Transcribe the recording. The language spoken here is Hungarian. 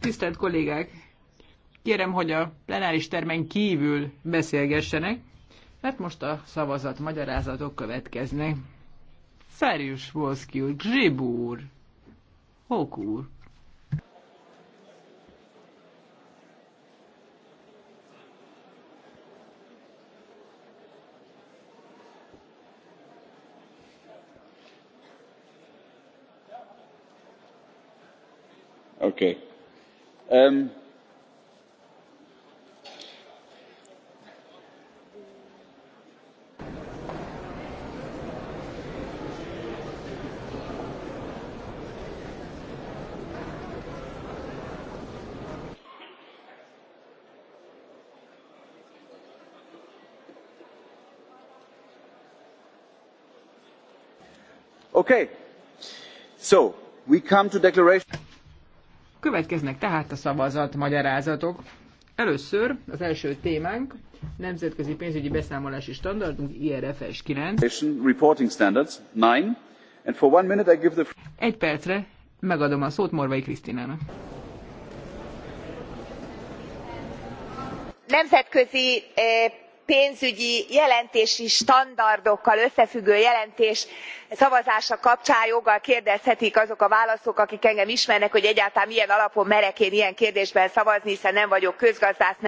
Tisztelt kollégák, kérem, hogy a plenáris termen kívül beszélgessenek, mert most a szavazat magyarázatok következnek. Szerjus Volszki úr, Zsib úr, Hók úr. Okay. Um, okay. So, we come to declaration. Következnek tehát a szavazat magyarázatok. Először az első témánk nemzetközi pénzügyi beszámolási standardunk IRFS 9. Egy percre megadom a szót Morvai Krisztinának. Nemzetközi eh pénzügyi jelentési standardokkal összefüggő jelentés szavazása kapcsán joggal kérdezhetik azok a választók akik engem ismernek hogy egyáltalán milyen alapon merek én ilyen kérdésben szavazni hiszen nem vagyok közgazdász.